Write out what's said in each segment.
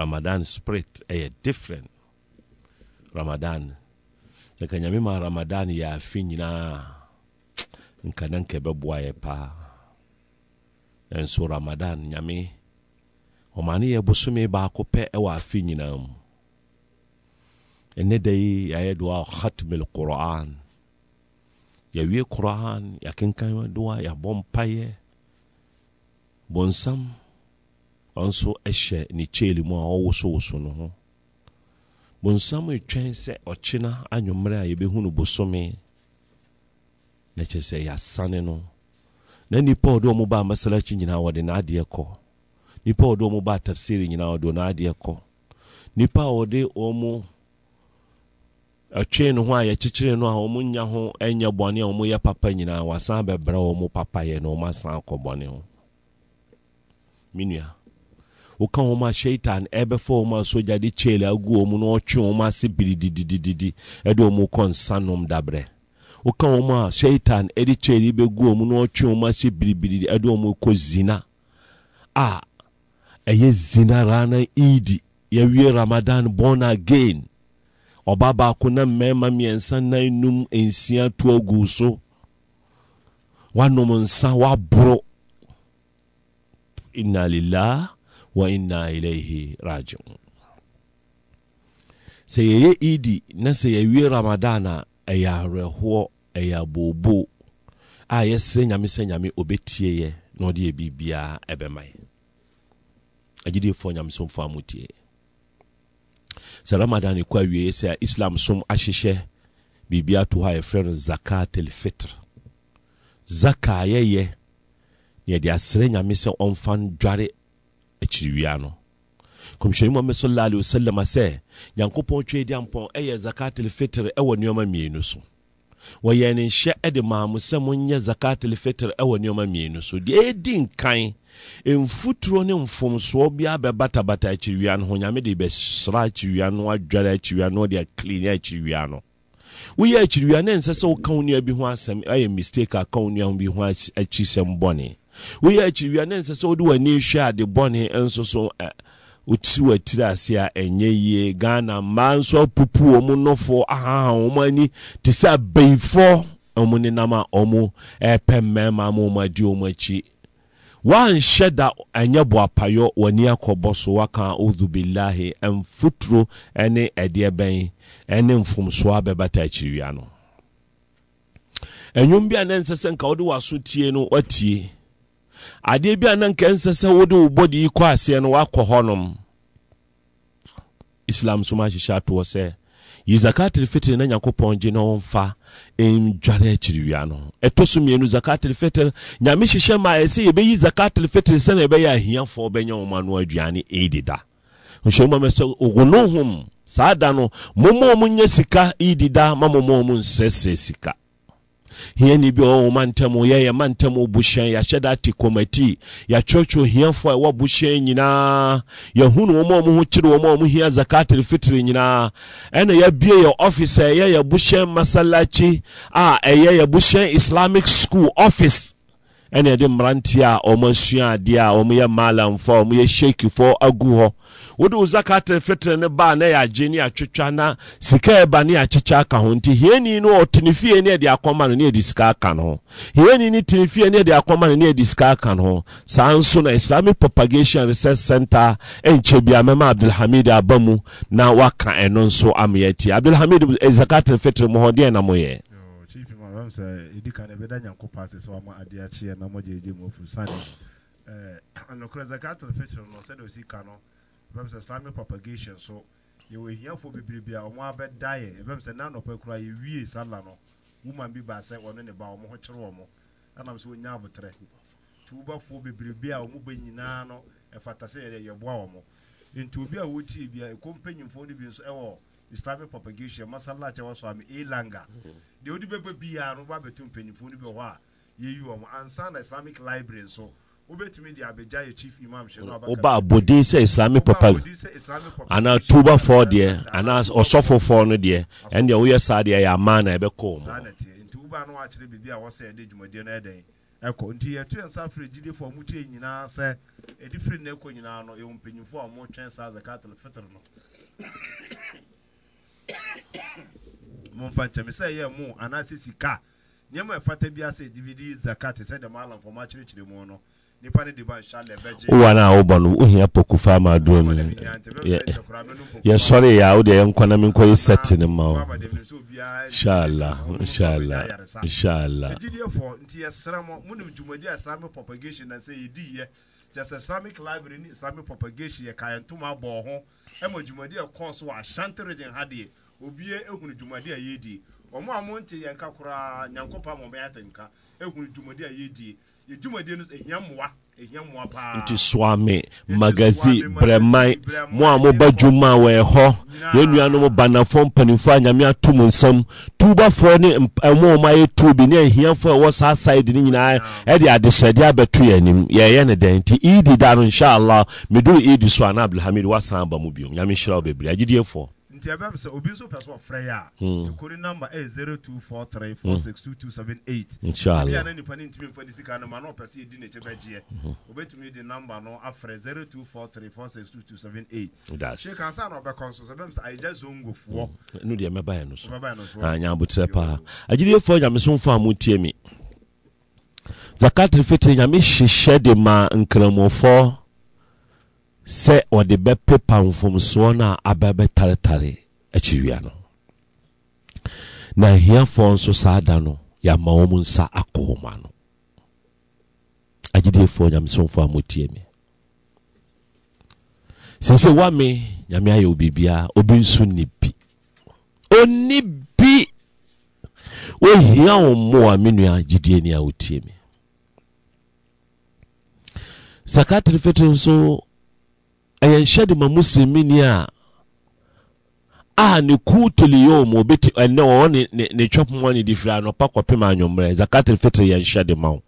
ramadan spirit ɛyɛ eh, different ramadan sɛka nyame ma ramadan yɛ afe nyinaa nka na nka ɛbɛboa yɛ paa nso ramadan nyame ɔma ne yɛ bosome baako pɛ ɛwɔ afe nyinaa mu ɛnɛ da yi yɛayɛ doa khatmil quran yɛwie quran yɛkenkan doa yɛabɔ mpayɛ bonsam ɔnso hyɛ ne kyɛɛli mu a ɔwosowoso no ho bonsam retwɛn sɛ ɔkyena anwummerɛ a yɛbɛhu no bosome na kyerɛ sɛ yɛasane no na nipa ɔde ɔmo baa masalakyi nyinaa wɔde n'adeɛ kɔ nipa ɔde ɔmo baa tafsiri nyinaa wɔde n'adeɛ kɔ nipa ɔde ɔmo ɛtwe no ho a yɛkyekyere no a ɔmo nya ho ɛnyɛ bɔne a ɔmo yɛ papa nyinaa wasan bɛbrɛ ɔmo papayɛ na ɔmo asan akɔ bɔne ho menua woka wɔn a shaitan ɛbɛfa wɔn a sogya de kyeele agu wɔn na ɔtwe wɔn ase birididididi ɛde wɔn kɔ nsa nom dabrɛ woka wɔn a shaitan ɛde kyeele bɛgu wɔn na ɔtwe wɔn ase biribiridi ɛde wɔn kɔ zina a ɛyɛ zina rana idi yɛwie ramadan born again ɔbaa baako na mmarima mmiɛnsa nan num nsia to agu so wanom nsa waboro inna wa inna ilaihi rajiun sɛ yɛyɛ idi na sɛ yɛwie ramadan a ɛyɛ awerɛhoɔ ɛyɛ abobo a yɛsrɛ nyame sɛ nyame ɔbɛtie na ɔde yɛ biribiaa ɛbɛma yɛ nyame sɛ ramadan ɛkɔ awie sɛ islam som ahyehyɛ biribia to hɔ a yɛfrɛ no zakat alfitr zaka yɛyɛ ne yɛde asrɛ nyame sɛ ɔmfa ndware akyiriwia no kɔmhyɛni mu sallallahu alaihi wasallam sɛ nyankopɔn twɛ di ampɔn ɛyɛ zakatul fitr ɛwɔ nneɛma mmienu so wɔyɛ ne nhyɛ de maa mo sɛ monyɛ zakatul fitr ɛwɔ nneɛma mmienu so deɛ ɛdi nkan mfuturo ne mfomsoɔ bi abɛbatabata akyiriwia no ho nyame de bɛsra akyiriwia no adware akyiriwia no de akline akyiriwia no woyɛ akyiriwia ne ɛnsɛ sɛ woka wo bi ho asɛm ɛyɛ mistake aka wo bi ho akyisɛm bɔne woyɛ akyiriwia ne nsɛ sɛ wode w'ani hwɛ ade bɔne nso so woti w'atiri ase a ɛnyɛ yie ghana mmaa nso apupu wɔ mu nɔfoɔ ahaha wɔ ani te sɛ abayifoɔ ɔmo nenam a ɔmo ɛpɛ mmarima ma ɔmo adi ɔmo akyi wanhyɛ da ɛnyɛ boapayɔ w'ani akɔbɔ so waka odhubillahi mfuturo ne ɛdeɛ bɛn ɛne mfomsoɔ abɛbata akyiriwia no ɛnwom bi a ne nsɛ sɛ nka wode w'aso tie no watie adeɛ bi a na nka nsɛ sɛ wode wo bɔde yi kɔ aseɛ no woakɔ hɔnom islam so ma ahyehyɛ atoɔ sɛ yi fitiri na nyankopɔn gye na ɔmfa ndware akyiriwia no ɛtɔ so mmienu zakatil fitiri nyame hyehyɛ ma ɛsɛ yɛbɛyi zakatil fitiri sɛna ɛbɛyɛ ahiafoɔ bɛnya wɔma no aduane ɛdida nhyɛmu ma sɛ ogonohom saa da no momma ɔmo nyɛ sika idida ma momma ɔmo nsɛsɛ sika hiani bi ɔwɔ ma ntam yɛyɛ ma ntam buhyɛn yɛahyɛ da ate kɔmati yɛatwerɛtwerɛ hiafoɔ a ɛwɔ buhyɛn nyinaa yɛhunu wɔn a wɔn ho kyere wɔn a wɔn hia zakatere fitiri nyinaa ɛna yɛabie yɛ ɔfis a ɛyɛ yɛ buhyɛn masalachi a ah, ɛyɛ eh, yɛ buhyɛn islamic school office ɛne ɛde mmeranteɛ a ɔmo asua adeɛ a ɔmo yɛ malamfo a ɔmo yɛ sheikifo agu hɔ wode wo zakat ne ba na yɛ agye ne atwitwa na sika ɛba ne yɛakyekyɛ aka ho nti hiani no ɔtene fie ne yɛde akɔma no ne yɛde sika aka no ho hiani no tene fie ne yɛde akɔma no ne yɛde sika aka no ho saa nso na islamic propagation research center ɛnkyɛ bia mɛma abdulhamid aba mu na waka ɛno nso ama yɛati abdulhamid eh, zakat fitr mu hɔ deɛ na moyɛ ɛhwɛm sɛ ɛdi kan ɛbɛda nyankopɔn ase sɛ wama ade akyeɛ na mɔgye gye mu afiri sane eh, nokorɛ zakatel fitr no sɛde ɔsika no ɛbɛm sɛ islamic propagation so yɛwɔ ahiafoɔ bebrebe a ɔmo abɛda yɛ ɛbɛm eh, sɛ na anɔpa koraa yɛwie sala no woman bi baa sɛ ɔno ne ba ɔmo ho kyerɛ ɔmo ɛnam sɛ ɔnya abotrɛ nti wobafoɔ bebrebe a ɔmo ba nyinaa no ɛfata e sɛ yɛde yɛboa ɔmo nti obi a wɔtie bia ɛkɔ e mpanyimfoɔ no bi nso ɛwɔ e propagation masalakyɛ wɔ so elanga deɛ wode bɛba biara no wobɛbɛto mpanimfoɔ no bi hɔ a yɛyi wɔ mo ansa na islamic library nso wobɛtumi de abɛgya yɛ chief imam hyɛ woba abɔden sɛ islamic papa anaa tubafoɔ deɛ anaa ɔsɔfofoɔ no deɛ ɛndeɛ woyɛ saa deɛ yɛ amaa na ɛbɛkɔɔ mu ɛkɔ nti yɛto yɛnsa firi agyidefoɔ a motie nyinaa sɛ ɛde firi no ɛkɔ nyinaa no ɛwɔ mpanyimfoɔ a motwɛn saa zakatel fitre no momfa sɛ ɛyɛ mu anaasɛ sika nneɛma ɛfata bi sɛ dvd zakat sɛ dɛ alamfo kyerɛkyerɛ mu no nipa ne nhyɛ bɛgye. a wobɔ no wohia poku fa ama aduro no yɛsɔre wode yɛnkɔ na menkɔ yɛ sɛte no ma wo inshallah inshallah inshallah islamic propagation sɛ library islamic propagation ho dwumadi obiara ehunu dwumadi a yɛredi wɔn a wɔnte yɛn nka koraa nyankopɔn a wɔn bɛyɛ atanka ehunu dwumadi a yɛredi yɛ dwumadi no ehia mmoa ehia mmoa paa. nti swami magazi brɛman mo a mo ba dwuma wɔ ɛhɔ yɛn nuanom banafo mpanimfo a nyame ato mo nsam tubafoɔ ne ɛmo ɔmo ayɛ tuubi ne ahiafoɔ a ɛwɔ saa side ne nyinaa ɛde adehyɛde abɛto yɛn anim yɛyɛ ne dɛn nti idi da no inshallah meduru idi so ana abdulhamid wasan aba mu biom nyame nhyira bebree agyidiefoɔ nti ɛbɛn sɛ obi nso pɛ so ɔfrɛ yi a hmm. ekori namba ɛyɛ zero two four three four six two two seven eight hmm. inshallah ebi a na nipa ne ntumi nfa ne sika no ma na ɔpɛ so edi n'ekyɛ bɛgyeɛ hmm. obetumi di namba no afrɛ zero two four three four six two two seven eight that's hyɛ kansa na ɔbɛkɔ nso sɛ ɛbɛn sɛ ayigya zongo foɔ ɛnu deɛ mɛba yɛ no so mɛba yɛ no so ah, a nya abotire paa agyilefo nyamesunfo a mo tie mi zakat fitiri nyame hyehyɛ de ma nkramofo sɛ wɔde bɛpepa mfomsoɔ no a aba bɛtaretare akyiriwia no na ahiafoɔ nso saa da no yɛama wɔ mu nsa akɔ wɔ mu ano agyediefoɔ nyamesomfoɔ a motie me sɛ sɛ me nyame ayɛ wo biribiaa obi nso nni bi ɔnni bi ohia wo mmoa me nua gyidie ni a wotie me sakatiri fetiri nso ɛyɛ nhyɛ de ma muslimini a a ne kuu toliyom obeti ɛnɛ wɔwɔ ne ne ne twɛpon wɔ ne di fira anɔpa kɔpem anwommerɛ zakat fitiri yɛ nhyɛ de ma wo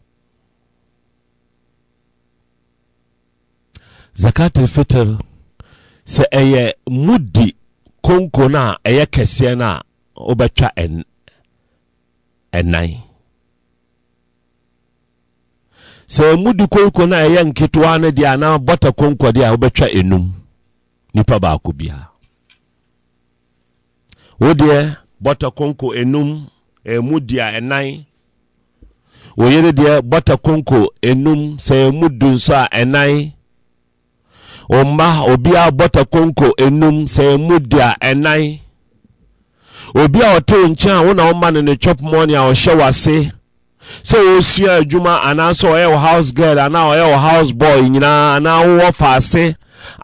zakat fitiri sɛ ɛyɛ mudi konko no a ɛyɛ kɛseɛ no a wobɛtwa ɛnan sɛ mudi konko no a ɛyɛ nketewa no deɛ anaa bɔta konko deɛ a wobɛtwa enum nipa baako biara wo deɛ bɔta konko enum ɛmu dia ɛnan oyere deɛ bɔta konko enum sɛ ɛmu du nso a ɛnan ɔmma obiara bɔta konko enum sɛ ɛmu dia ɛnan obi a ɔte nkyɛn a wo na woma no ne chop money a ɔhyɛ w'ase sɛ wɔsua adwuma anaasɛ ɔyɛ wɔ house girl anaa ɔyɛ wɔ house boy nyinaa anaa wowɔ faase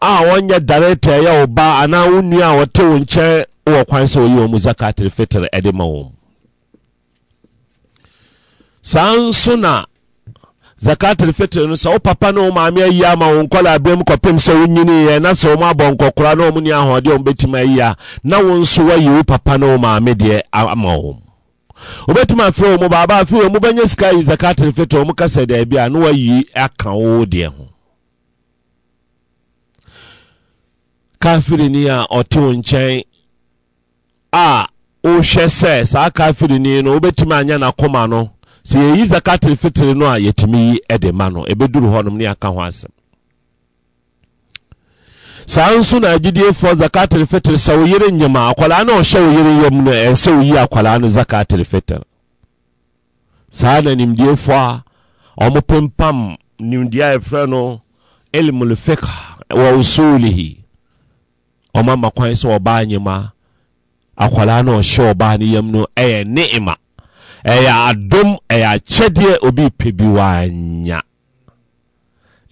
a wɔnyɛ director ɛyɛ wo ba anaa wo nua a wɔte wo nkyɛn wɔ kwan sɛ wɔyi wɔn mu zakatil fitr ɛde ma wɔn saa nso na zakatil fitr no sɛ wo papa ne wo maame ayi ama wo nkɔla abiam kɔpem sɛ wonyiniiɛ na sɛ wɔn abɔ nkɔkora na wɔn ni ahoɔden a ayi a na wɔn nso wɔayi wo papa ne wo maame deɛ ama wɔn wobɛtumi afrɛ mu baaba afei wɔ mu bɛnyɛ sika yi zakatel fitr mu kasa daabi a na wayi aka wo deɛ ho kafirini a ɔte wo nkyɛn a wohwɛ sɛ saa kafirini no wobɛtumi anya n'akoma no sɛ yɛyi zakatel fitr no a yɛtumi yi de ma no duru ɛbɛduru n'om ne aka ho asɛm saa nso na agyidiefo zakatul fitr sɛ wo yere nyima akwadaa na ɔhyɛ wo yere yam no ɛsɛ oyi akwadaa no zakatul fitr saa na nimdiefo a ɔmo nimdeɛ a yɛfrɛ no ilmul fiqh wa usulihi ɔmo ama kwan sɛ ɔbaa nyima akwadaa na ɔhyɛ ɔbaa no yam no ɛyɛ ni'ima ɛyɛ adom ɛyɛ akyɛdeɛ obi pɛ bi wanya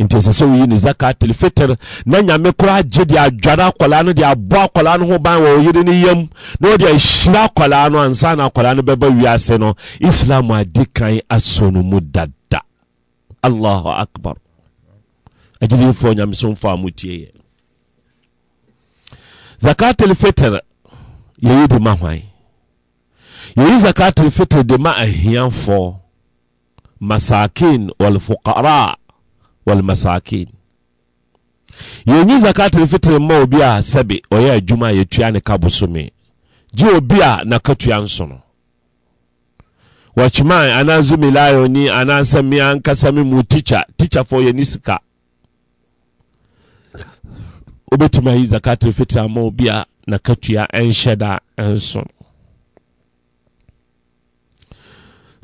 nti ɛsɛ sɛ woyi ne zakatul fitr na nyame koraa gye de adwane akwadaa no de abɔ akwadaa no ho ban wɔ ɔyere no yam na ɔde ahyira akwadaa no ansa na akwadaa no bɛba wiase no islam adi kan aso no mu dada allahu akbar agyinifoɔ nyamesomfo a motie yɛ zakatul fitr yɛyi de ma hwan yɛyi zakatul fitr de ma ahiafoɔ masakin walfuqara walmasakin yɛnyi zakatul fitiri ma obi a sɛbi ɔyɛ adwuma a yɛtua ne ka bosome gye obi a n'akatua nso no wɔkyeman anaa zumilayoni anaasɛ me ankasa me mu tikya tikyafoɔ yɛ ne sika wobɛtumi ayi zakatul fitiri ma obi a n'akatua nhyɛ da nso no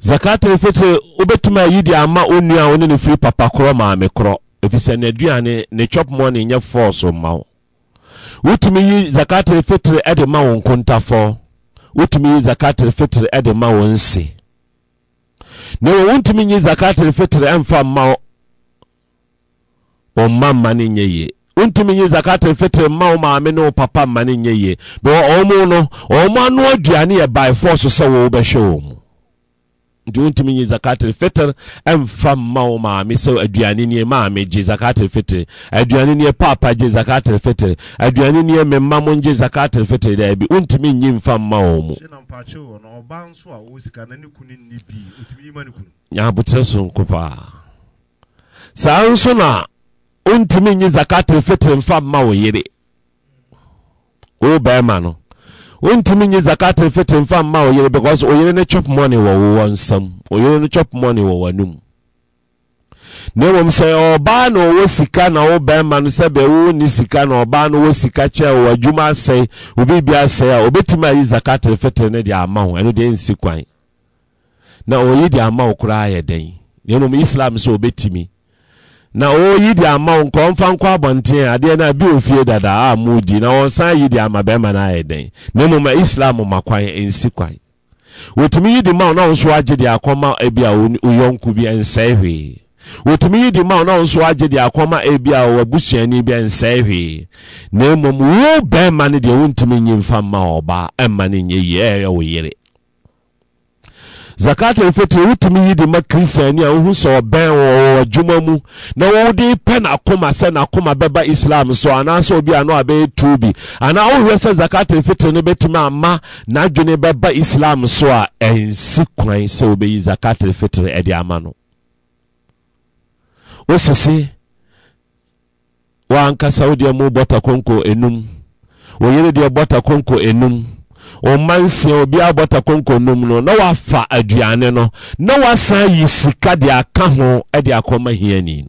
Zakat fitr wobɛtumi ayi de ama onua a ɔne ne papa korɔ maame korɔ ɛfiri n'aduane ne chop money nyɛ fɔɔso mma wo wotumi yi zakatul fitr ɛde ma wo nkontafɔ wotumi yi zakatul fitr ɛde ma wo nse na wɔn wontumi yi zakatul fitr ɛmfa mma wo mma mma ne nyɛ yie wontumi yi zakatul fitr mma wo maame ne wo papa mma ne nyɛ yie bɛwɔ ɔmo no ɔmo ano aduane yɛ by force sɛ wɔn bɛhwɛ wɔn mu ntuntumi nyi zakatul fitr mfa mma wo maame sɛ aduane nie maame gye zakatul fitr aduane nie papa gye zakatul fitr aduane nie me mma mo ngye zakatul fitr bi wontumi nyi mfa mma wo mu so nko paa saa nso na wontumi nye zakatul fitr mfa mma wo yere wo bɛrima no wontumi nye zakat fiti mfa mma oyere because oyere ne chop money wɔ wɔ nsam oyere ne chop money wɔ w'anim na mmom sɛ ɔbaa na ɔwɔ sika na ɔwɔ bɛrima no sɛ bɛwo ni sika na ɔbaa no wɔ sika kyɛ wɔ adwuma asɛe obi bi asɛe a obetumi ayi zakat fiti ne de ama ho ɛno deɛ nsi kwan na oyi de ama ho koraa yɛ den na mmom islam sɛ obetumi. na ɔyi de ama wo nka ɔmfa nkɔ abɔnten adeɛ no bi ofie dada a di na san yi di ama bɛrima no ayɛ den na mmom islam ma kwan ɛnsi kwan wɔtumi yi di ma wo na nso agye di akɔma ebi a woyɔnko bi ɛnsɛe hwee wɔtumi yi di ma wo na nso agye di akɔma ebi a wɔabusuani bi ɛnsɛe hwee na mmom wo bɛrima no deɛ wontumi nyi nfa mma ɔba ɛmma no nye yie ɛyɛ wo zakat alfitiri wotumi yi de ma kristiani a wohu sɛ ɔbɛn wɔ adwuma mu na wɔde pɛ n'akoma sɛ n'akoma bɛba islam so anaasɛ obi ano a bɛyɛ tuo bi anaa wohwɛ sɛ zakat alfitiri no bɛtumi ama n'adwene bɛba islam so a ɛnsi kwan sɛ obɛyi zakat alfitiri ɛde ama no wosese wankasa wodeɛ mu bɔta konko enum wɔyere deɛ bɔta konko enum ɔma nsia obi abɔta konkonnom no na wafa aduane no na wasan yi sika de aka ho de ma hiani ni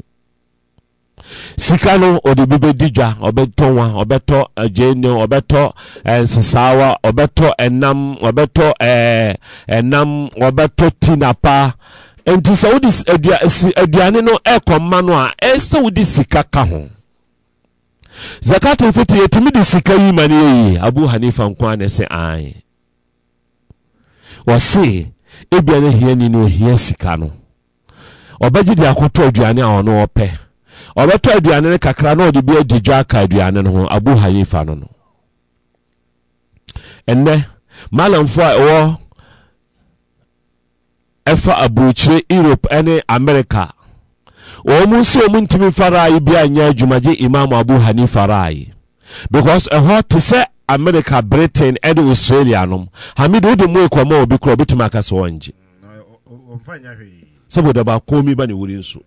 sika no ɔde bi bɛdi dwa ɔbɛtɔ wa ɔbɛtɔ agyene eh, ɔbɛtɔ eh, nsesaawa ɔbɛtɔ ɛnam ɔbɛtɔ eh, ɛnam ɔbɛtɔ tinapa nti sɛ wode aduane no ɛkɔ mma no a ɛsɛ wode sika ka ho zakatul fitr yɛtumi de sika yi ma no yɛyie abu hanifa nko a ne sɛ ae wɔse ebia no hiani no ohia sika no ɔbɛgye de akɔtɔ aduane a ɔno ɔpɛ ɔbɛtɔ aduane no kakra na ɔde bi adi dwa aka aduane no ho abu hanifa no no ɛnɛ malamfoɔ a ɛwɔ ɛfa aburokyire europe ne america wɔn nso wɔn ntumi faraayɛ bi a nyɛ adwuma imam abu hanifa raayɛ because ɛhɔ te sɛ america britain ɛne australia nom hamid wode mu ekɔmɔ obi korɔ obitumi aka sɛ wɔngye saboda baako mi ba ne wuri nso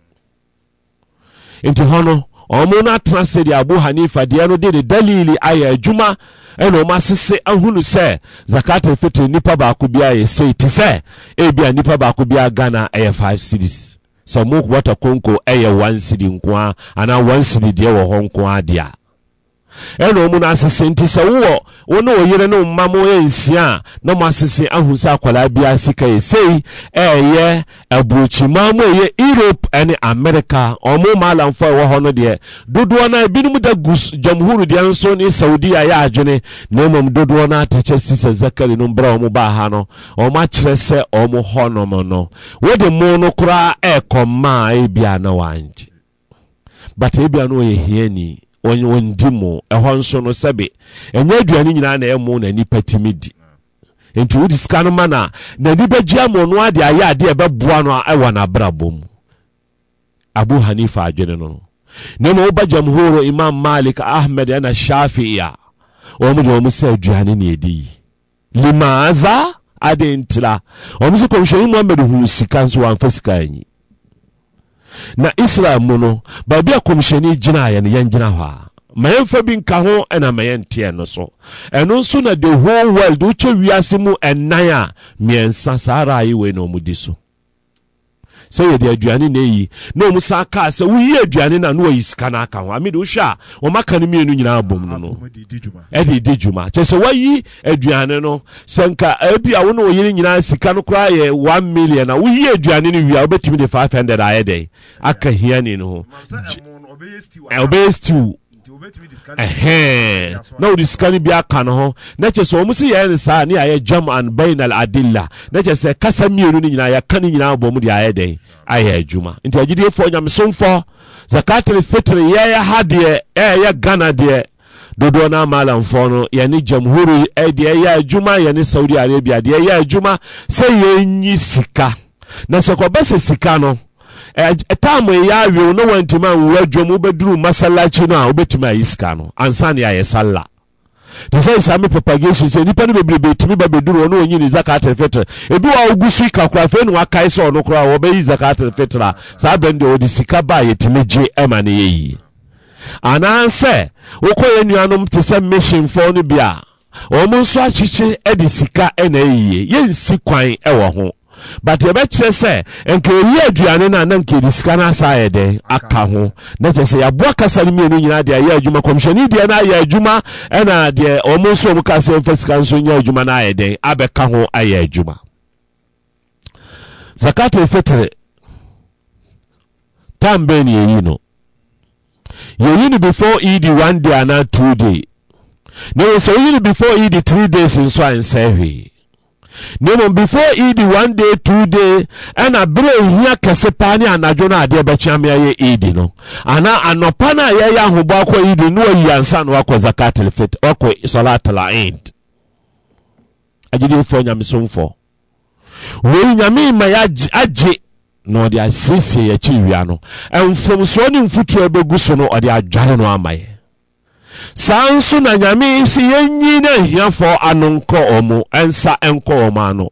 nti hɔ no wɔn no atena sɛ deɛ abu hanifa deɛ no de ne dalili ayɛ adwuma ɛna wɔn asese ahunu sɛ zakat fitiri nipa baako bi a yɛ sei te sɛ ebi a nipa baako bi a ghana ɛyɛ five series sɛ mokwata konko ɛyɛ wansiri nko a anaa wansiri deɛ wɔ hɔ nko a deɛ a ɛna ɔmu no asese nti sɛ wowɔ wo ne wo yere ne mma mo ɛnsia a na mo asese ahu sɛ akwadaa biara sika yɛ sei ɛɛyɛ aburokyimaa mu ɛyɛ europe ɛne america ɔmo maalamfoɔ a ɛwɔ hɔ no deɛ dodoɔ no a ebinom da gu jamhuri deɛ nso ne saudi a yɛ adwene na mmom dodoɔ no atekyɛ si sɛ zakari no mbrɛ ɔmo baa ha no ɔmo akyerɛ sɛ ɔmo hɔnom no wode mo no koraa ɛɛkɔ mmaa ebia na wangye but ebia no ɔyɛ hiani wɔndi mu ɛhɔ nso no sɛbe ɛnyɛ aduane nyinaa na ɛmo na nipa tumi di nti wodi sika no ma na na nipa gyia mo no ade ayɛ adeɛ ɛbɛboa no ɛwɔ n'abrabɔ mu abu hanifa adwene no na ma woba jamhuro imam malik ahmed ɛna shafi'i wɔn de wɔn sɛ aduane na ɛdi yi limaaza ade ntira wɔn nso kɔmhyɛni muhammed hu sika nso wɔamfa sika anyi na israel mu no baabi a kɔmhyɛni gyinaeɛ no yɛngyina hɔ a ma yɛmfa bi nka ho ɛna ma yɛnteɛ no so ɛno nso na the whole world wokyɛ wiase mu ɛnan a mmiɛnsa saa ara ayewe na ɔmudi so sɛ yɛde aduane na ɛyi na ɔmu san kaa sɛ woyi aduane no a na wayi sika no aka ho amede wohwɛ a wɔmaka no mmienu nyinaa bom no no ɛde di dwuma kyɛ sɛ woayi aduane no sɛ nka ebi a wo ne wo yere nyinaa sika no koraa yɛ 1 million a woyi aduane no wie a wobɛtumi de 500 ayɛ dɛn aka hiani no ho ɔbɛyɛ stew na wode sika bi aka no ho na kyɛ sɛ ɔm se yɛɛ no saa ne ayɛ jam and bainal adilla na kyɛ sɛ kasa mmienu no nyinaa yɛka no nyinaa bɔ mu de ayɛ dɛn ayɛ adwuma nti agyidiefoɔ nyamesomfɔ zakatel fitiri yɛyɛ ha deɛ ɛyɛ ghana deɛ dodoɔ no amalamfoɔ no yɛne jamhuri deɛ ɛyɛ adwuma yɛne saudi arabia deɛ ɛyɛ adwuma sɛ yɛnyi sika na sɛ kɔbɛsɛ sika no ɛtaama ɛyɛ awew na wantumi anwura adwam wobɛduru masalachi no a wobɛtumi ayi sika no ansa ne ayɛ sala te sɛ isame propagation sɛ nnipa no bebrebe tumi ba bɛduru ɔne ɔnyini zakat alfitre ebi wɔ a wogu so ika kora afei ne wakae sɛ ɔno koraa wɔbɛyi zakat alfitre a saa bɛn deɛ wɔde sika baa yɛtumi gye ma no yɛyie anaasɛ wokɔ yɛ nuanom te sɛ missionfoɔ no bi a wɔn nso akyekye de sika na ɛyie yɛnsi kwan wɔ ho but yɛbɛkyerɛ sɛ nka ɛyi aduane na kyerɛ sɛ yɛaboa kasa no mmienu nyinaa deɛ ayɛ adwuma kɔmhyɛne deɛ no ayɛ adwuma ɛna deɛ ɔmo nso ɔmo ka sɛ sika nso nyɛ adwuma no ayɛ dɛn abɛka ho ayɛ adwuma zakato fitiri tam bɛn no no before edi one day two day na sɛ woyi no before e three days nso a na mmom before eidi one day two day ɛna bere ehia kɛse paa ne anadwo na adeɛ bɛkyea me ayɛ eidi no ana anɔpa na a yɛyɛ ahobɔ akɔ eidi no wayi ansa na wakɔ zakat fit wakɔ salatul eid agyedefoɔ nyamesomfoɔ wei nyame ma yɛ agye na ɔde asiesie yɛkyi wia no mfomsoɔ ne mfutuo bɛgu so no ɔde adware no ama yɛ saa nso na nyame sɛ yɛnyi na ahiafoɔ ano nkɔ ɔmo ɛnsa nkɔ ɔmo ano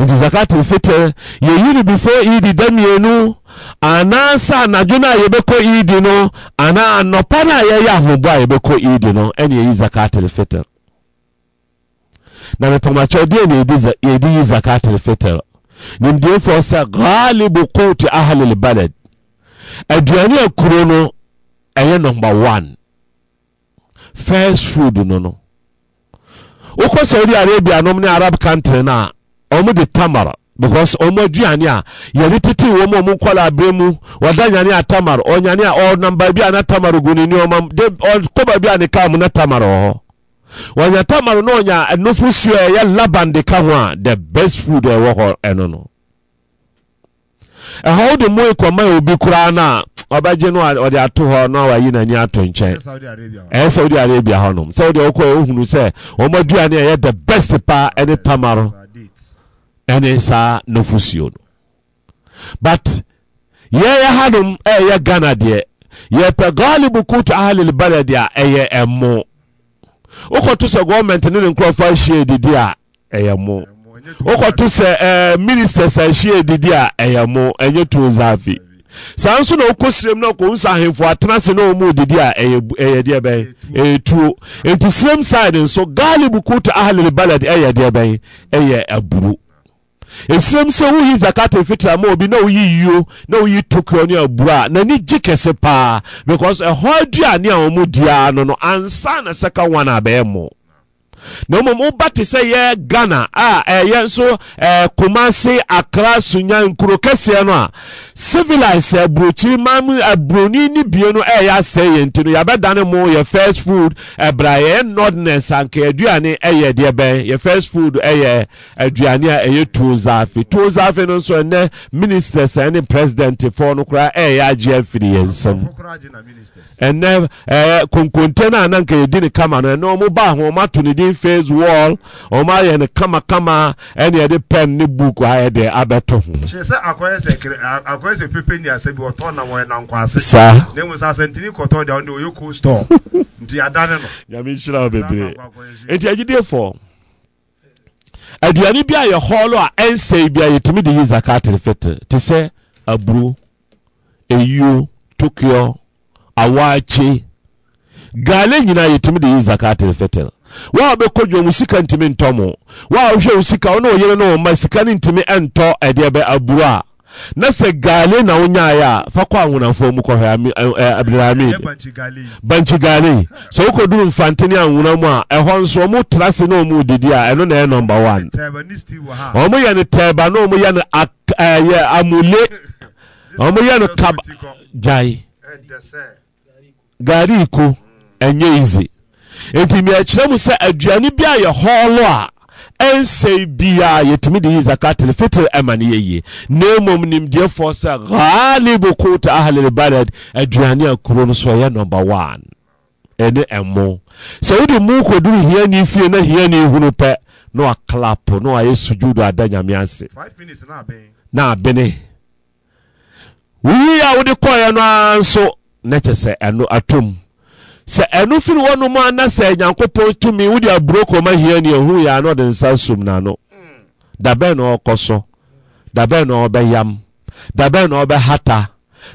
nti zakatul fitr yɛyi no before idi da mmienu anaasɛ anadwo no a yɛbɛkɔ eid no anaa anɔpa no a yɛyɛ ahobɔ a yɛbɛkɔ eid no ɛne yɛyi zakatul fitr na mepamakyɛwdeɛ na yɛde yi zakatul fitr nimdeefoɔ sɛ ghalibu kot ahlil balad aduane a kuro no ɛyɛ number one first food no no wokɔ saudi arabia nom ne arab country no a ɔmo de tamar because ɔmo aduane a yɛde tete wɔn a ɔmo nkɔla abere mu wɔda nyane a tamar ɔnyane a ɔnamba bi a na tamar gu ne nneɛma de ɔkɔba bi a ne kaa mu na tamar wɔ hɔ wɔnya tamar na ɔnya ɛnofo suo a ɛyɛ laban de ka ho a the best food a ɛwɔ hɔ ɛno no ɛhɔ de mu ekɔma obi koraa na ɔbɛgye no ɔde ato hɔ na wayi n'ani ato nkyɛn ɛyɛ saudi arabia hɔnom saudi ɔkɔ ohunu sɛ wɔn aduane ɛyɛ the best pa ɛne tamaro ɛne saa nufusuo no but yɛyɛ hanom ɛyɛ ghana deɛ yɛpɛ gaalibu kutu ahalil baladi a ɛyɛ ɛmo wokɔto sɛ gɔɔmenti ne ne nkurɔfoɔ ahyia edidi a ɛyɛ mo wokɔto sɛ ɛɛ ministers ahyia edidi a ɛyɛ mo ɛnyɛ tuo saa nso na okɔ srem na ɔkɔ nsa ahemfo atena se na ɔmo didi a ɛyɛ ɛyɛ deɛ bɛn ɛyɛ tuo nti srem side nso gaalibu kutu ahalili balad ɛyɛ deɛ bɛn ɛyɛ aburu esrem sɛ woyi zakata fitira ma obi na oyi yio na oyi tokuro ne aburu a n'ani gye kɛse paa because ɛhɔ aduane a ɔmo di ara no no ansa na sɛka wɔn abɛɛ mo. na mmom woba te sɛ yɛ ghana a ɛyɛ eh, nso eh, kumase akra sunya nkuro kɛseɛ no a civilized eh, aburokyiri man mu aburoni ne bie no ɛyɛ asɛ yɛn ti no yɛabɛdane mo yɛ first food ɛbra yɛn nordness anka aduane ɛyɛ deɛ bɛn yɛ first food ɛyɛ aduane a ɛyɛ tuo zaafe tuo zaafe no nso ɛnɛ ministers ɛne president foɔ no koraa ɛyɛ agye afiri yɛn nsam ɛnɛ ɛɛ konkonte no a nanka yɛdi ne kama no ɛnɛ wɔn ba ahoɔma to ne din green face wall ɔmo ayɛ no kamakama ɛna yɛde pen ne book ayɛ de abɛto ho. kyerɛ sɛ akɔyɛ sɛ akɔyɛ sɛ pepe ni asɛ bi ɔtɔ na wɔyɛ nankɔ ase. saa ne mu sa asɛntini kɔtɔ de ɔno oyɛ cold store nti adane no. nyame nhyira bebree nti agyidie fɔ aduane bi a yɛ hɔɔlo a ɛnsɛn bi a yɛtumi de yi zakatiri fitiri te sɛ aburo eyio tokio awaakye gaale nyinaa yɛtumi de yi zakatiri fitiri wɔn a bɛkɔ dwa mu sika ntumi ntɔ mo wɔn a wohwɛ wo sika wɔn a wɔyere no wɔn ma sika no ntumi ntɔ ɛdeɛ bɛ aburo a na sɛ gaale na wonyaeɛ a fa kɔ awonamfoɔ mu kɔhwɛ abdulhamid bankyi gaale sɛ wokɔduru mfantene awona mu a ɛhɔ nso ɔmo tra se na ɔmo didi a ɛno na ɛyɛ number one ɔmo yɛ no tɛɛba na ɔmo yɛ no ɛyɛ amule ɔmo yɛ no kaba gyae gaare iko ɛnyɛ izi enti meɛkyerɛ mu sɛ aduane bi a yɛ hɔɔlo a ɛnsɛe biaa yɛtumi de yi zakatul fitr ɛma no yɛyie na mmom nimdeɛfoɔ sɛ ghalibu kota ahlilbalad aduane a kuro no so ɛyɛ number one ɛne ɛmo sɛ wode mu kɔduru hiani fie na hiani hunu pɛ na waklapo na wayɛ sujudu ada nyame ase na abene woyi a wode kɔeɛ no ara nso na kyɛ sɛ ɛno atom sɛ ɛno firi wɔnom a na sɛ nyankopɔn tumi wode aburo kɔma hia ni ɛhu yɛ ano na ɔde nsa sum n'ano dabɛn na ɔkɔ so dabɛn na ɔbɛyam dabɛn na ɔbɛhata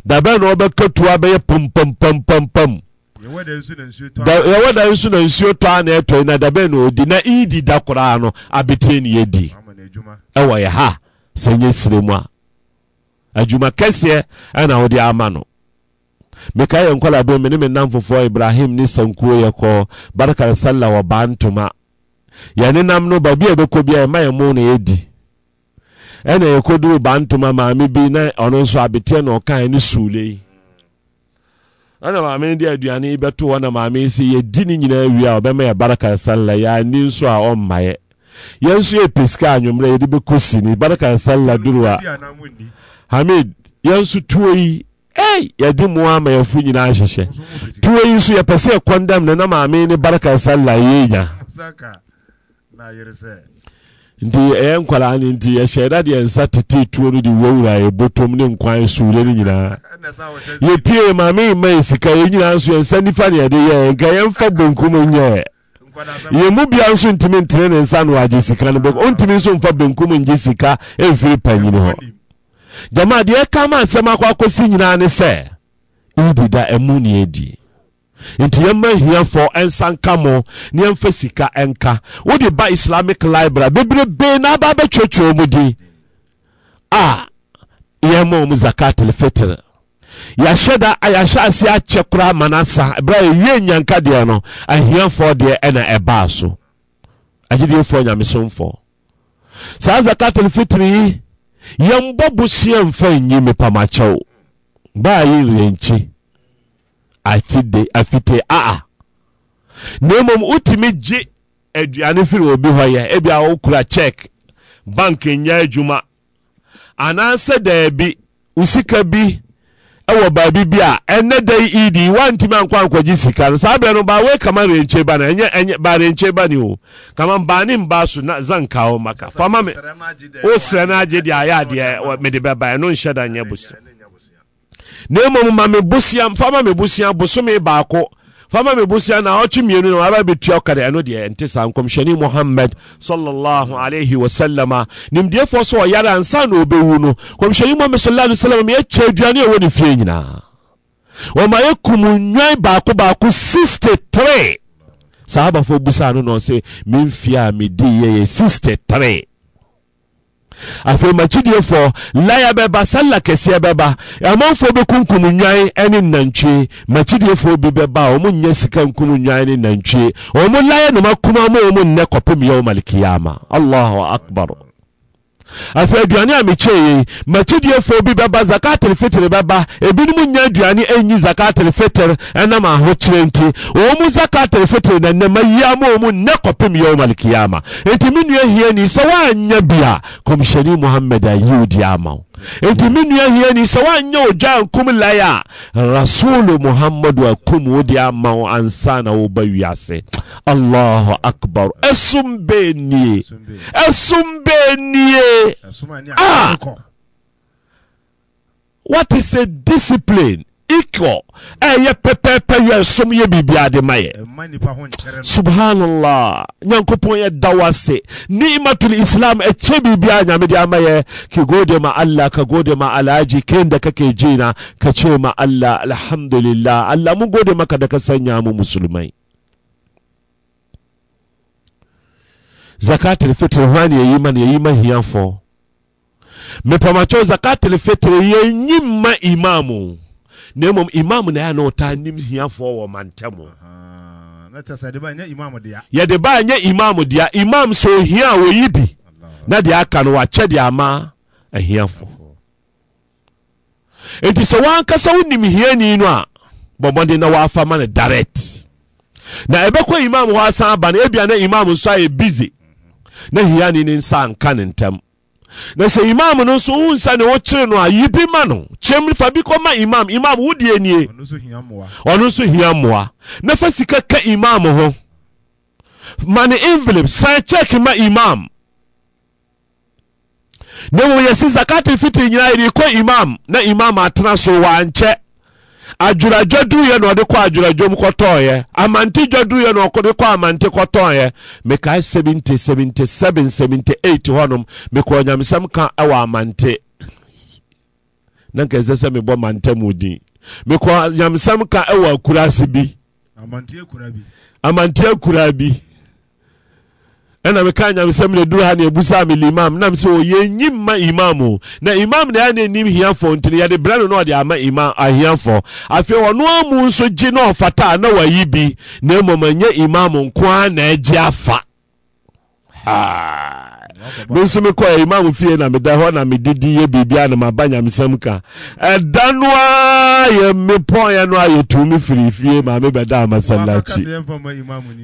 dabɛn na ɔbɛkatua bɛyɛ pampampampampam yɛwɔ da nso na nsuo tɔ a na ɛtɔ na dabɛn na ɔdi na idi da koraa no abetire ne yɛdi ɛwɔ yɛ ha sɛ nyɛ sire mu a adwuma kɛseɛ ɛna wode ama no mekae yɛ nkɔlabɔ me ne me nam fofoɔ ibrahim ne sankuo yɛ kɔ barakar salla wɔ baa ntoma yɛne nam no baabi a yɛbɛkɔ bia ɛma yɛ mo na yɛdi ɛna yɛkɔduru baa ntoma maame bi na ɔno nso abeteɛ na ɔkae ne suule yi ɛna maame no de aduane yi bɛto hɔ na maame yi sɛ yɛdi ne nyinaa wie a ɔbɛma yɛ barakar salla yɛani nso a ɔmmayɛ yɛn nso yɛ pesika anwummerɛ yɛde bɛkɔ si ni barakar duru a hamid yɛn nso tuo yi Hey, yɛde mu ama yɛfo nyinaa ahyehyɛ. tuo yi nso yɛpɛ sɛ yɛkɔndam ne na maame ne baraka sala nya. nti ɛyɛ nkwaraa no nti yɛhyɛ da deɛ nsa tete tuo no de wɔwura yɛbɔtom ne nkwan suure no nyinaa yɛpie maame ma yɛ sika yɛ nyinaa nso yɛnsa nifa ne yɛde yɛ nka yɛmfa benkum nyɛ Yɛ mu bia nso ntumi ntene ne nsa no agye sika no bɛ ɔntumi nso mfa benkum ngye sika ɛmfiri panyini hɔ gyama deɛ ɛka ma nsɛm akɔ akɔsi nyinaa ne sɛ ɛdi da ɛmu ne ɛdi nti yɛmma hiafo ɛnsa nka mo ne yɛmfa sika ɛnka wode ba islamic library bebrebee na aba bɛtwɛtwɛ mu din a yɛma ɔm zakat lfitr yɛahyɛ da yɛahyɛ ase akyɛ koraa ma no asa berɛ a ɛwie nyanka deɛ no ahiafoɔ deɛ ɛna ɛbaa so agyediefoɔ nyamesomfoɔ saa zakat lfitr yi yɛmbɔ boseɛ mfa nyi mepamakyɛw baa yi yɛnkyi afide afite aa na mmom wotumi gye aduane firi obi hɔ yɛ ebi a wokura check bank nyɛ adwuma anaasɛ daabi wo sika bi ɛwɔ baabi bi a ɛnɛ da yi idi wantumi ankɔ ankɔgye sika no saa bɛn no baa wei kama renkye ba na ɛnyɛ ɛnyɛ baa renkye ba ni o kama baa ne mbaa so na zanka o maka fama mi o srɛ na agye deɛ ayɛ adeɛ wɔ mede bɛba ɛno nhyɛ da nyɛ bosia na emu ma mi bosia fama mi bosia bosome baako fama mi busua na ɔtwe mmienu na waba bɛtua ɔkada ɛno deɛ ɛnte saa nkɔmhyɛni muhammad sallallahu alaihi wasallam a nimdeefoɔ sɛ ɔyare ansa na ɔbɛwu no kɔmhyɛni muhammad sallallahu alaihi wasallam yɛkyɛ aduane a ɛwɔ ne fie nyinaa wɔma yɛkum nnwan baako baako 63 sahabafoɔ busaa no na ɔsɛ memfie a medii yɛyɛ 63 afei makyidiefoɔ laya bɛba sala kɛseɛ bɛba amanfoɔ bɛkunkum nnwan ne nantwie makyidiefoɔ bi bɛba a ɔmo nyɛ sika nkum nnwan ne nantwie ɔmo laya nom ma ɔmo nnɛ kɔpem yɛwmal kiyama allahu akbar afei aduane a mekyɛe makyidiefoɔ bi bɛba zakatel fitiri bɛba ebinom nya aduane anyi zakatel fitiri ɛnam ahokyerɛ nti wɔn mu zakatel fitiri na nnɛma yia ma wɔn mu nnɛ kɔpem yɛ wɔn alikiyama eti me nua hiani sɛ wɔanya bi a kɔmhyɛni muhammed ayiw di ama wo eti me nua hiani sɛ wɔanya ogya nkum lai a rasulu muhammadu akum wo di ama wo ansa na wɔba wiase. allahu akbariscipliyɛ ah! ppp yɛsom y bibiade maysubhanla yankopɔnadawse nematlislam ace bibia nyamedema kegodema aa kagodema alai kdaka kejina kacma alla alhamduiahmogodema ka daka sa yamo musulma zakatul fitr hwan yɛyima ne yɛyima hiafoɔ mepamatwɛw zakatul fitr yɛnyima imamu na mmom imam na ɛyɛ eh, na ɔtaa nim hiafoɔ wɔ mantam yɛde baa nyɛ imam dea imam sɛ ohia a wɔyi bi na dia aka no wakyɛ de ama ahiafoɔ enti sɛ wankasa wonim hiani no a bɔmmɔden na waafa ma no direct na ɛbɛkɔ imam hɔ asan aba no ebia na imam nso ayɛ busy na hiani ne nsa anka ne ntam na sɛ imam no nso wo nsa ne wo no a yi bi ma no kyɛm fa bi kɔma imam imam wodeɛ nie ɔno nso hia mmoa na fa sika ka imam ho ma ne envelope san check ma imam na mmom yɛse zakat fitiri nyinaa yɛde kɔ imam na imam atena so wɔankyɛ adwerɛdwa duiɛ na ɔde kɔ adwerɛdwa mu kɔtɔɔeɛ amante dwa duiɛ na ɔde kɔ amante kɔtɔɔeɛ mekae 70 77 78 hɔnom mekɔ onyamesɛm ka ɛwɔ amante na nka ɛsɛ sɛ mebɔ mante mu din mekɔ onyamesɛm ka ɛwɔ akuraase bi amante akura bi ɛna meka nyamesɛm ne duru ha ne abusa me Imam nam sɛ ɔyɛ nyi ma imam o na imam na ɛne nim hiafoɔ nti no yɛde brɛ no na ɔde ama imam ahiafoɔ afei ɔno amu nso gye na ɔfata a na wayi bi na mmom ɛnyɛ imam nko ara na ɛgye afa aa ah me nso me imam fie na meda hɔ na medidi yɛ biribia na maba nyamesɛm ka ɛda no a yɛ mepɔyɛ no a yɛtu me firi fie ma mebɛda amasallachi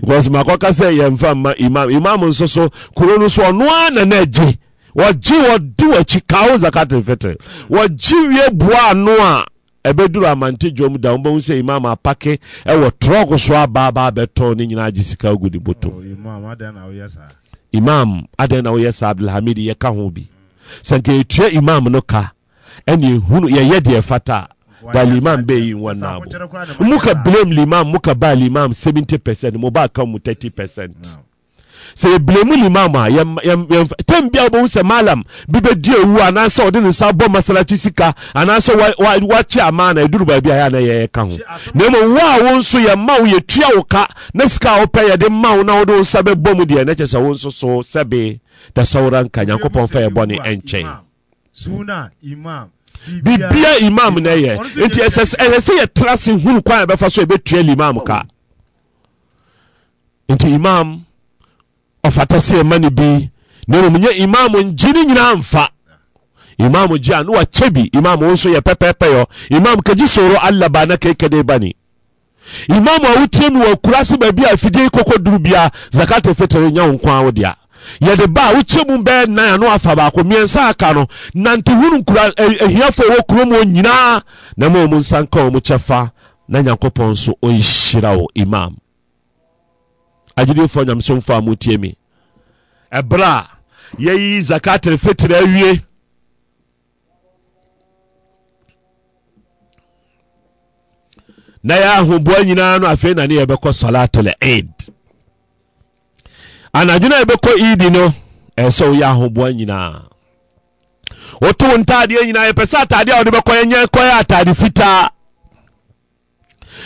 because makɔka sɛ yɛmfa mma imam imam nso so kuro no so ɔno a na na agye wɔgye wɔde wakyi kawo zakatul fitr wɔgye wie boa ano a ɛbɛduru amante dwom da wobɛhu sɛ imam apake ɛwɔ trɔko so abaabaa bɛtɔn ne nyinaa agye sika agu ne botom oh, imam adan na woyɛ sa abdulhamid yɛka ho bi sɛ nka yɛtua imam no ka ɛne ɛhunu yɛyɛ deɛ fata da limam bɛyi wɔnabo muka blame limam muka ba limam 70 percent mo ba ka mu 30 percent no sɛ yɛbilemu limam a tɛm bia wobɛhu sɛ malam bi bɛdi awu anaasɛ ɔde ne nsa bɔ masalakyi sika anaasɛ woakye amaana ɛduru baabi a yɛ anayɛyɛka ho na mmom wo a wo nso yɛma wo yɛtua wo ka na sika a wopɛ yɛde ma wo na wode wo nsa bɛbɔ mu deɛ na kyɛ sɛ wo nso so sɛbe da sɛ wora nka nyankopɔn fa yɛbɔne ɛnkyɛn bibia imam na ɛyɛ nti ɛsɛ sɛ yɛtra se hunu kwan a bɛfa so yɛbɛtua limam ka nti imam ɔfata sɛ ɛma no bi na mmom nyɛ imam ngye ne nyinaa mfa imam gye a na wakyɛ bi imam wo nso yɛ pɛpɛɛpɛ yɔ imam kagye soro alla ba na kekede bani imam a wotie mu wɔ se baabi a afidie kɔkɔ duru bia zakat fitr nya wo nkoa wo dea yɛde ba a wokyɛ mu bɛɛ na ano afa baako mmiɛnsa aka no nante hunu nkura ahiafo wɔ kurom hɔ nyinaa na ma ɔmu nsa nka ɔmu kyɛfa na nyankopɔn nso ɔnhyira wo imam agyinifoɔ nyamesomfoɔ a motie mi ɛberɛ a yɛyi zakatere fitiri awie na yɛ ahoboa nyinaa no afei nane yɛbɛkɔ salatul id anadwo a yɛbɛkɔ idi no ɛɛ sɛ woyɛ ahoboa nyinaa woto wo ntaadeɛ nyinaa yɛpɛ sɛ ataadeɛ a wode bɛkɔ yɛnyɛ kɔyɛ ataade fitaa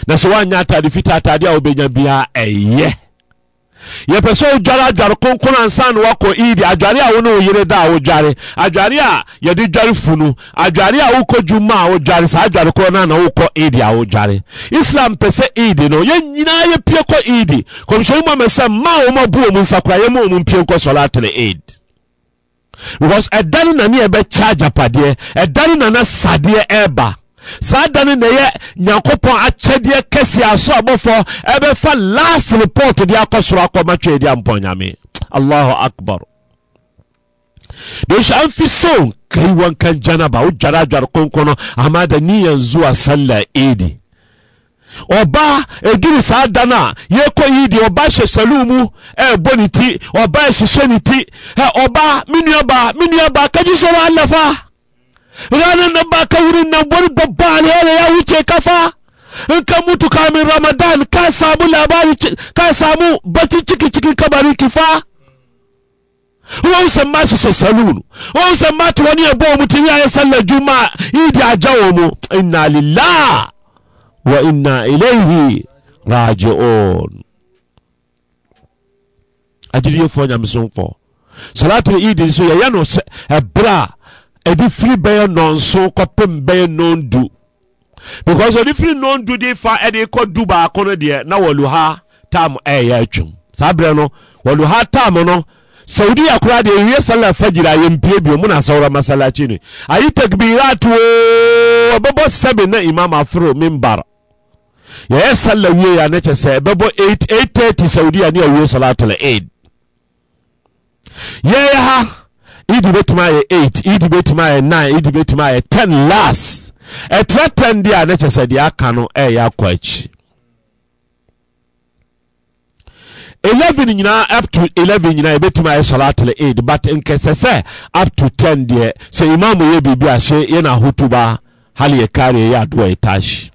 na sɛ woanyɛ ataade fitaa ataadeɛ a wobɛnya biaa ɛyɛ yɛpɛ sɛ wodware adware kronkron ansa na wakɔ eid adware a wo ne wo yere da a wodware adware a yɛde dware funu adware a wokɔ dwuma a wodware saa adware korɔ no na wokɔ eid a wodware islam pɛ sɛ eid no yɛn nyinaa yɛpie kɔ eid kɔmhyɛni mu amɛ sɛ ma a wɔmabu wɔ mu nsa kora yɛma wɔ mu mpie nkɔ sɔlatele eid because ɛda no na ne yɛbɛkyɛ agyapadeɛ ɛda no na na sadeɛ ɛreba saa da no na ɛyɛ nyankopɔn akyɛdeɛ kɛseɛ aso abɔfoɔ ɛbɛfa last report de akɔ soro akɔma twɛ di ampɔ nyame allahu akbar dehyɛ amfi so kai wankan janaba wo dware adware konkono ama da niyan zuwa sallah edi ɔba eduru saa da no a yɛkɔ yi deɛ ɔba hyɛ salu mu ɛɛbɔ ne ti ɔba ɛhyehyɛ ne ti ɛ ɔba me nuaba me nuaba kagye so wa alafa ranar nan ba ka wurin nan wani babba alheri ya wuce kafa in ka mutu kamin ramadan ka samu labari ka samu bacci ciki cikin kabari kifa wani sọ ma ṣiṣẹ́ salulu wani sọ ma tí wọ́n ní ẹ̀bọ́ ọmọ tí yíyá yẹ sálẹ̀ juma yìí di ajá ọmọ inna lillahi wa inna ilayhi raji'un. ajínigbé fọ nyàmísùn fọ salatul salatu nso yẹ yẹn no ɛde firi bɛyɛ nɔnso kɔpem bɛyɛ nondu because ɔde firi nondu de fa ɛde kɔ du baako no deɛ na wɔlu ha tam ɛyɛ atwam saa berɛ no wɔlu ha tam no saudi akora deɛ ewie sala fagyira ayɛ mpie bio mu na asawura masalachi ni ayi takbirat e, oo ɛbɛbɔ sɛbe na imam afro mimbar yɛyɛ sala wie ya ne kyɛ sɛ ɛbɛbɔ eight eight thirty saudi ani awie salatul eid yɛyɛ ha idi bɛtumi ayɛ eight idi bɛtumi ayɛ nine idi bɛtumi ayɛ ten last ɛtena ten deɛ a ne kyɛ sɛ deɛ aka no ɛyɛ akɔ akyi eleven nyinaa up to eleven nyinaa ebetumi ayɛ salatul eid but nkɛsɛ sɛ up to ten deɛ sɛ imam yɛ biribi ahyɛ yɛn ahotuba hali yɛ kaare yɛ adoɔ yɛ taahyi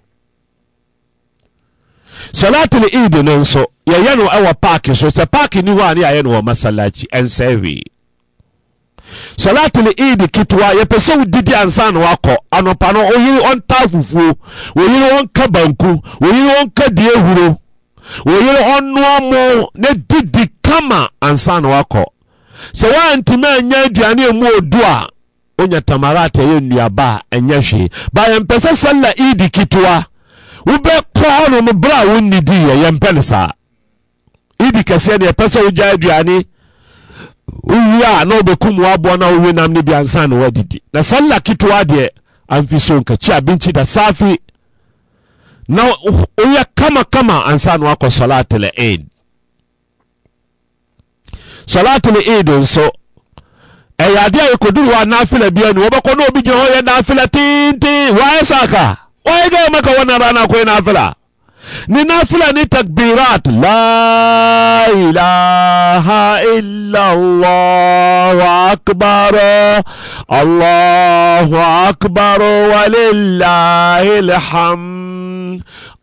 salatul eid no nso yɛyɛ no ɛwɔ paaki so sɛ paaki ni hɔ a ne yɛayɛ no wɔ masalachi ɛnsɛn sọláàtìlì ìdì kìtìwá yẹpẹ sẹ wò didi ansan na wakọ anọpa no oyiri wọn ta fufuo oyiri wọn ka banku oyiri wọn ka die huro oyiri wọn noa mo ne didi kama ansan na wakọ sɛ wantumi anya aduane emu odu a onya tamarat ɛyɛ nnuaba a ɛnyɛ hwee ba yɛmpɛ sɛ sɛla idi kitiwa wobɛkɔ hɔnom berɛ a wonnidi yɛ yɛmpɛ no saa idi kɛseɛ ne yɛpɛ sɛ wogya aduane wowie a na wobɛkum wɔaboa no a wowie nam no bi ansa na woadidi na salla ketewa deɛ amfi so nkakyi abinkyi da safi na woyɛ kamakama ansa na woakɔ solatul aid solatul aid nso ɛyɛ adeɛ a yɛkɔduru hɔ a nafila bia ni wɔbɛkɔ na obi gyina hɔ yɛ nafila tenten waayɛ saka waayɛ gɛ maka wɔ nara no akɔyɛ nafila ننافل أني لا إله إلا الله أكبر الله أكبر ولله الحمد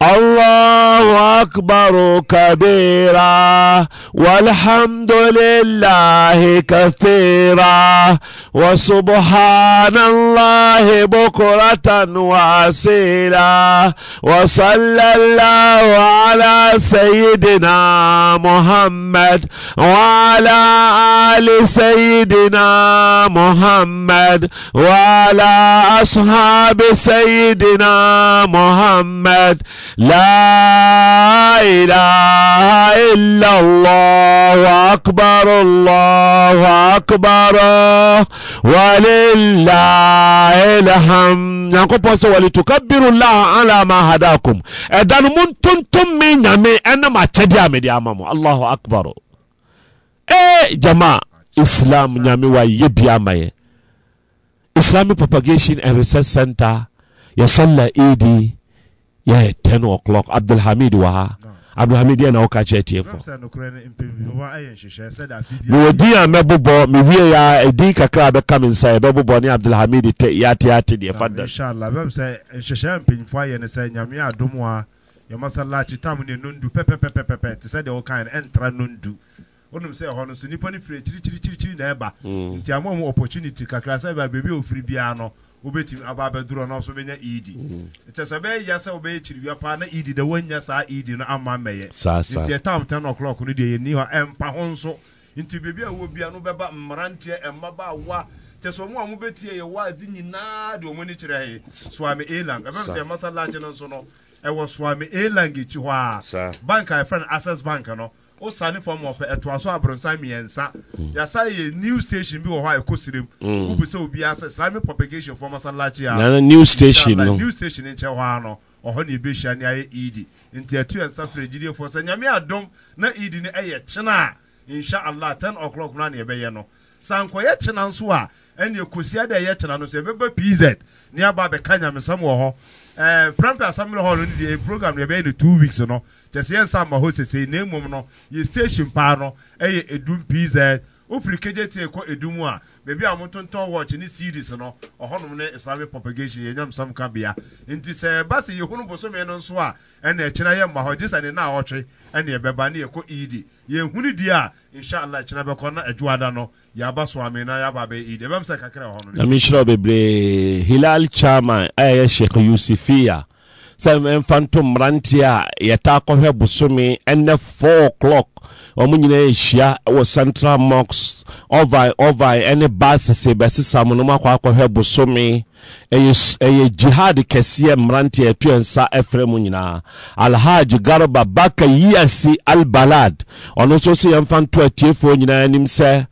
الله أكبر كبيرا والحمد لله كثيرا وسبحان الله بكرة واسيلا وصلى الله على سيدنا محمد وعلى آل سيدنا محمد وعلى أصحاب سيدنا محمد لا إله إلا الله أكبر الله أكبر ولله الحمد نقول بس ولتكبر الله على ما هداكم إذا منتم تمين يمي أنا ما تجي أمي أمامه الله أكبر إيه جماعة إسلام يمي ويبي أمي إسلامي propagation and research center يصلى إيدي yeah, 10 o'clock Abdul Hamid wɔ Abdul Hamid yɛ na ɔka kyerɛ tiefo mewɔ din a mɛbobɔ mewie a ɛdin kakra a bɛka me nsa yɛbɛbobɔ ne abdulhamid yɛateate deɛ fada yɛmasalakyi tam ne nondu pɛpɛpɛpɛpɛ te sɛ deɛ wokae no ɛntra nondu wonom sɛ ɛhɔ no so nnipa no chiri chiri na ɛba nti ama mu opportunity kakra sɛ bɛa baabi a ɔfiri biara no wobɛtumi aba abɛduro no so bɛnya eidi mhm. nkyɛ sɛ bɛyɛ sɛ wobɛyɛ kyiriwia paa na eidi da woanya saa eidi no ama mmɛyɛ nti ɛtam 10 o'clock no deɛ yɛni hɔ ɛmpa ho nso nti biribi a ɛwɔ bia no bɛba mmeranteɛ mmabaawa kyɛ sɛ ɔmo a mobɛtie yɛ waadze nyinaa deɛ ɔmo ani kyerɛ he soame elang ɛbɛm sɛ ɛmasalaagye no nso no ɛwɔ soame elang akyi hɔ a bank a ɛfrɛ no access bank no wosane fam ɔpɛ ɛtoa so abrɔnsan mmiɛnsa hmm. yasa yɛ new station bi wɔ hɔ a ɛkɔ sirem hmm. wobu sɛ obiaa sɛ islamic propagation fɔ masalakye a new station no new station nkyɛ hɔ a no ɔhɔ ne ɛbɛhyia ne ayɛ eidi nti ɛtu ɛnsa frɛ gyidiefoɔ sɛ nyame adom na eidi no ɛyɛ kyena a allah 10 o'clock no a ne ɛbɛyɛ no sankɔyɛ kyena nso a ɛne ɛkɔsia dɛ ɛyɛ kyena no sɛ ɛbɛba pz ne aba abɛka nyamesɛm wɔ hɔ ɛɛ eh, prɛmta assembly hall no deɛ program deɛ bɛyɛ no two weeks no kyɛ sɛ yɛnsa ma hɔ sese na mmom no yɛ station paa no ɛyɛ edum pz wofiri kegye tie kɔ edu mu a baabi a motontɔn wɔɔkye ne series no ɔhɔnom ne islamic propagation yɛ nyam sam nti sɛ ɛba sɛ yɛhunu bosome no nso a ɛna ɛkyena yɛ mma hɔ gye sɛ ne na ɔtwe ɛna ɛbɛba ne yɛkɔ eidi yɛhunu die a inshallah kyena bɛkɔ na adwoada no yɛaba so ame na yɛaba bɛyɛ eidi ɛbɛm sɛ kakra wɔ no nyame bebree hilal chairman a ɛyɛ sheikh yusufiya sɛ mfa nto mmeranteɛ a yɛta kɔhwɛ bosome ɛnɛ 4 o'clock wɔn nyinaa ahyia wɔ central mox ovi ovi ne basese mu no mu akɔ akɔhwɛ bosome ɛyɛ jihad kɛseɛ mmeranteɛ ɛtua nsa ɛfrɛ mu nyinaa alhaj garba baka yiasi albalad ɔno nso sɛ yɛmfa nto atiefoɔ nyinaa anim sɛ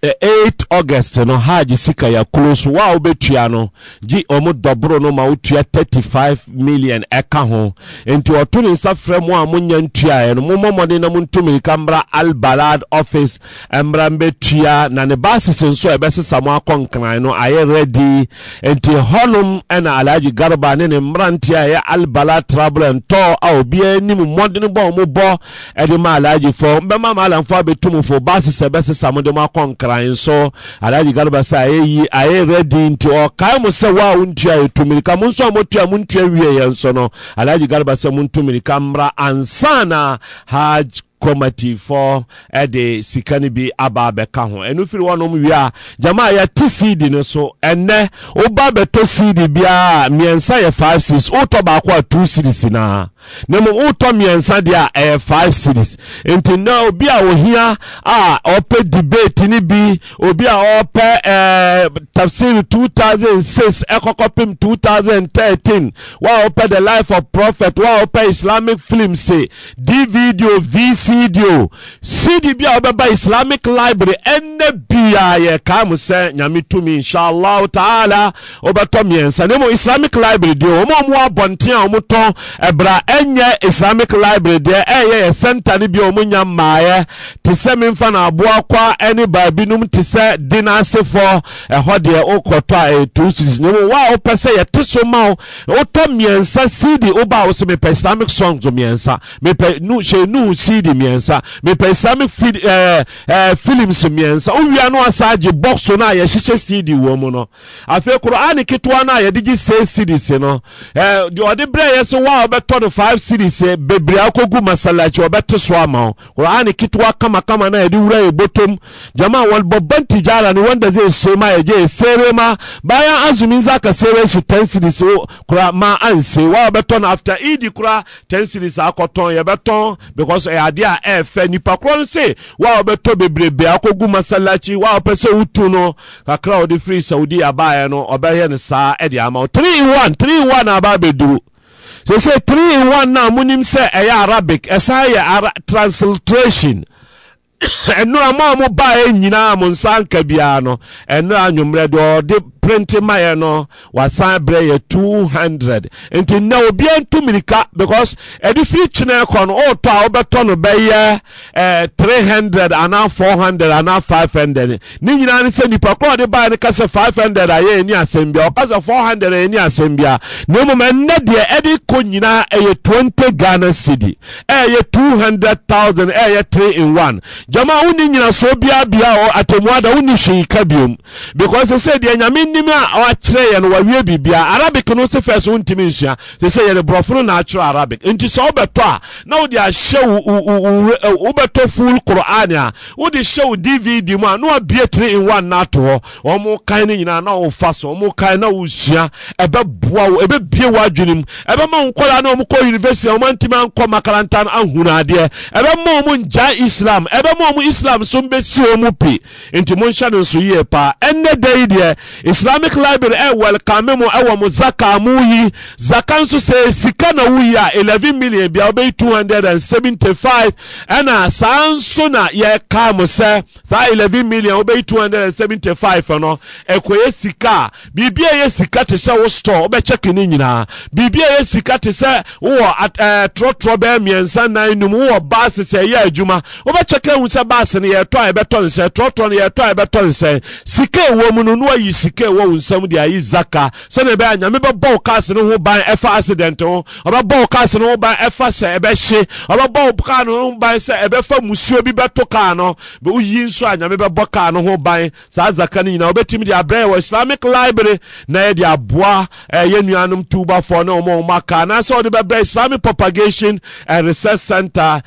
8 august no hajj sika yɛ kuro so wa a wobɛtua no gye ɔmo dɔboro no ma wotua 35 million ɛka ho nti ɔto ne nsa frɛ mu a monya ntuaeɛ no mommɔ mmɔden na montumi ka mmra albalad office mmra mbɛtua na ne bases nso a ɛbɛsesa mo akɔ nkran no ayɛ ready nti hɔnom ɛna alhaji garba ne ne mmerante a ɛyɛ albalad travel and tour a obiara anim mmɔden bɔ ɔmo bɔ ɛde ma alhaji fo mbɛma ma alamfo abɛtumfo bases ɛbɛsesa mo de mo akɔ nkran nkran so alhaji garba sa ayɛyi ayɛ redi nti ɔkae mo sɛ wo a wontua yɛ tumirika mo nso a motua montua wieɛ nso no alhaji garba sɛ montumirika mmra ansa na haj kɔmatifoɔ ɛde sika no bi aba abɛka ho ɛno firi hɔnom wie a gyama a yɛte seed no so ɛnɛ woba bɛtɔ seed biara mmiɛnsa yɛ 5 series wotɔ baako a 2 series naa na mmom wotɔ mmiɛnsa deɛ a ɛyɛ 5 series nti na obi a ohia a ɔpɛ debate no bi obi a ɔpɛ ɛɛ tafsir 2006 ɛkɔkɔpem 2013 wa ɔpɛ the life of prophet wa ɔpɛ islamic film se dvd vc Video. cd bi a wɔbɛba islamic library ɛnɛ bia yɛkaa mu sɛ nyame tumi inshallah taala wɔbɛtɔ mmiɛnsa na mmom islamic library deɛ wɔn a wɔn abɔnten a wɔtɔn ɛbra ɛnyɛ islamic library deɛ ɛyɛ yɛ center no bi a wɔn nya mmaayɛ te sɛ mmefa na aboa kwa ɛne baabinom te sɛ di n'asefoɔ ɛhɔ deɛ wɔkɔtɔ a ɛyɛ two series na mmom wɔn a wɔpɛ sɛ yɛte so ma wo wɔtɔ mmiɛnsa cd wɔba a wɔsɛ mepɛ islamic songs mmiɛnsa mepɛ nu hyɛ nu cd mmiɛnsa mmiɛnsa mepɛ islamic fi ɛɛ eh, ɛɛ eh, films mmiɛnsa owia no asa agye box no a yɛhyehyɛ cd wɔ mu no afei koraani ketewa no a yɛde gye six cds no ɛɛ deɛ ɔde brɛ yɛ so wa a ɔbɛtɔ no five cds bebree akɔgu masalachi ɔbɛte so ama o koraani ketewa kamakama na yɛde wura yɛ bɔtɔm jama wɔn bɔ bɛnti jaara ni wɔn da zai so ma yɛ esere ma bayan azumi zaka sere shi ten cds kora ma anse wa a ɔbɛtɔ no after idi e kora ten cds akɔtɔn yɛbɛtɔn because ɛyɛ eh, adeɛ a ɛfɛ nipa korɔ no se wa a wɔbɛtɔ bebrebe akɔgu masalachi wa a wɔpɛ sɛ wotu no kakra a wɔde firi saudi abaeɛ no ɔbɛyɛ no saa ɛde ama wo three in 1 3 in 1 aba abɛduru sɛsɛ 3 in 1 no a monim sɛ ɛyɛ arabic ɛsan yɛ transliteration ɛnora mo a mobaeɛ nyinaa mo nsa nka biara no ɛnora anwummerɛ deɛ ɔde print maɛ no wasan brɛ yɛ 200 nti nnɛ obiara ntu mirika because ɛde firi kyene kɔ no ɔretɔ a wobɛtɔ no bɛyɛ eh, 300 anaa 400 anaa 500 ne nyinaa ne sɛ nipa korɔ ɔde baeɛ no ka sɛ 500 a yɛ ani asɛm bia ɔka sɛ 400 a yɛ ani asɛm bia na mmom ɛnnɛ deɛ ɛde kɔ nyinaa ɛyɛ 20 ghana cedi ɛyɛ 200000 ɛyɛ 3 in 1 gyama wonni nyinasoɔ biabia atɛmuada wonni hwee ka biom because sɛ deɛ nyame nim a wakyerɛ yɛ no wawie biribia arabic no se fɛ so wontumi nsua sɛ sɛ yɛde borɔfo no naakyerɛ arabic nti sɛ wobɛtɔ a na wode ahyɛ eh, wobɛtɔ full qur'an a wode hyɛ wo dvd mu a na wabie tiri in one na ato hɔ ɔmo kan no nyinaa na wofa so ɔmo kan na wosua ɛbɛboa wo ɛbɛbie w'adwene mu ɛbɛma wo nkɔla na ɔmo kɔ university a ɔmo antimi ankɔ makaranta no ahunu adeɛ ɛbɛma ɔmo ngya islam ɛbɛma ɔmo islam so mbɛsi ɔmo pi nti monhyɛ no nso yie paa ɛnnɛ da yi deɛ islamic library ɛwɔ ɛlkame mu ɛwɔ mu zaka mu yi zaka nso sɛ sika na wuyi a eleven million bia ɔbɛyi two hundred and seventy five ɛna saa nso na yɛka mu sɛ saa eleven million ɔbɛyi two hundred and seventy five no ɛkɔyɛ sika biribi a yɛ sika te sɛ wo store ɔbɛkyɛ ne nyinaa biribi a yɛ sika te sɛ wowɔ ɛɛ trɔtrɔ bɛɛ mmiɛnsa nan num wowɔ baasi sɛ ɛyɛ adwuma ɔbɛkyɛ kan hu sɛ baasi no yɛtɔ a yɛbɛtɔ nsɛn trɔtrɔ no yɛtɔ a yɛbɛtɔ nsɛn sika ewɔ mu no no ayi sika ɛwɔ wo nsam de ayi zaka sɛdeɛ ɛbɛyɛ nyame bɛbɔ wo cars no ho ban ɛfa accident ho ɔbɛbɔ wo cars no ho ban ɛfa sɛ ɛbɛhye ɔbɛbɔ wo car no ho ban sɛ ɛbɛfa musuo bi bɛto car no woyi nso a nyame bɛbɔ car no ho ban saa zaka no nyinaa wobɛtumi de abrɛ wɔ islamic library na yɛde aboa ɛyɛ eh, nuanom tubafoɔ ne ɔma ɔma kaa anaasɛ wɔde bɛbrɛ islamic propagation and research center